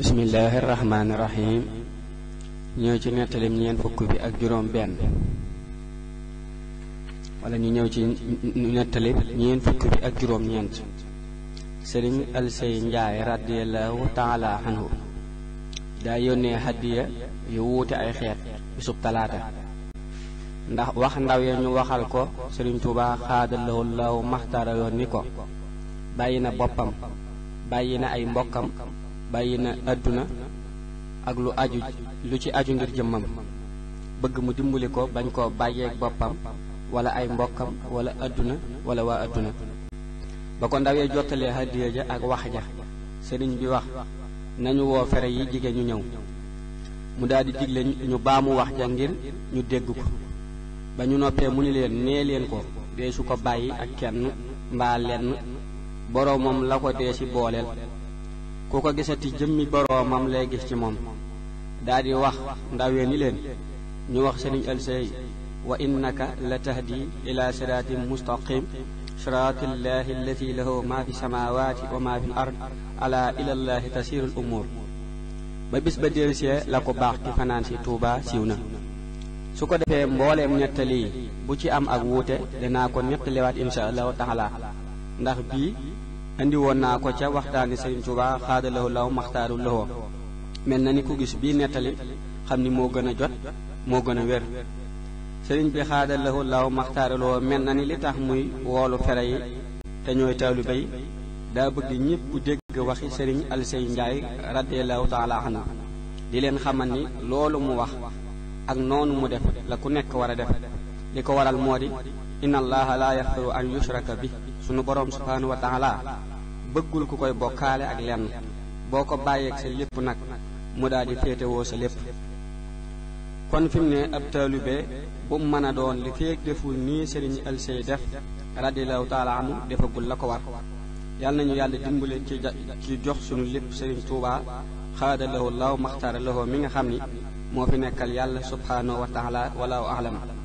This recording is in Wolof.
bismillahi rahmaani rahim ñëw ci nettalim ñeent fukk ak juróom benn wala ñu ñëw ci nettali ñeent fukk bi ak juróom ñeent sëriñ alsey njaay radiallahu taala daa yónnee hadiya yu wuute ay xeet bisub talaata ndax wax ndaw ya ñu waxal ko sëriñ tuuba xaadalawu law maxtaara yoon ni ko bàyyi na boppam bàyyi na ay mbokkam bàyyi na àdduna ak lu aju lu ci aju ngir jëmmam bëgg mu dimbali ko bañ koo bàyyeeg boppam wala ay mbokkam wala àdduna wala waa àdduna ba ko ndawee jottalee hadiya ja ak wax ja sëriñ bi wax nañu woo fere yi jigéen ñu ñëw mu daal di digle ñu baamu wax ja ngir ñu dégg ko ba ñu noppee mu ni leen nee leen ko dee su ko bàyyi ak kenn mbaa lenn boroomam la ko dee si booleel ku ko gisati jëmmi boroomam lay gis ci mom daal di wax ndawee ni len ñu wax sëriñ ëlsey wa innaka latahdi ila siratin mustaqim صراط الله الذي له ما في السماوات وما في الأرض ألا إلى الله تسير الأمور ba bis ba dellusee la ko bax ci fanan ci touba siwna su ko defee mbooleem netali bu ci am ak wute dina ko ñettaliwaat insha allahu taala ndax bi indi woon naa ko ca waxtaani Serigne Touba xaadalahu law maxtaaru lahoo mel na ni ku gis bii nettali xam ni moo gën a jot moo gën a wér Serigne bi xaadalahu law maxtaaru lahoo mel na ni li tax muy woolu fere yi te ñooy taalibe yi daa bëgg ñëpp dégg waxi Serigne Alsey Ndiaye radiyallahu taala anhu di leen xamal ni mu wax ak noonu mu def la ku nekk war def li waral moo inna allaha la yaxfiru an yushraka bi sunu borom subhanahu wa taala bëggul ku koy bokkaale ak lenn boo ko bàyyeeg sa lépp nag mu daal di féetewoo sa lépp kon fi mu ne ab taalube bu mu mën a doon li feeg deful nii sëriñ Alsey def radiallahu taala defagul la ko war yàlla nañu yàlla dimbale ci ci jox sunu lépp sëriñ tuuba xaada lahu laaw maxtaara mi nga xam ni moo fi nekkal yàlla subhaanahu wa taala walaahu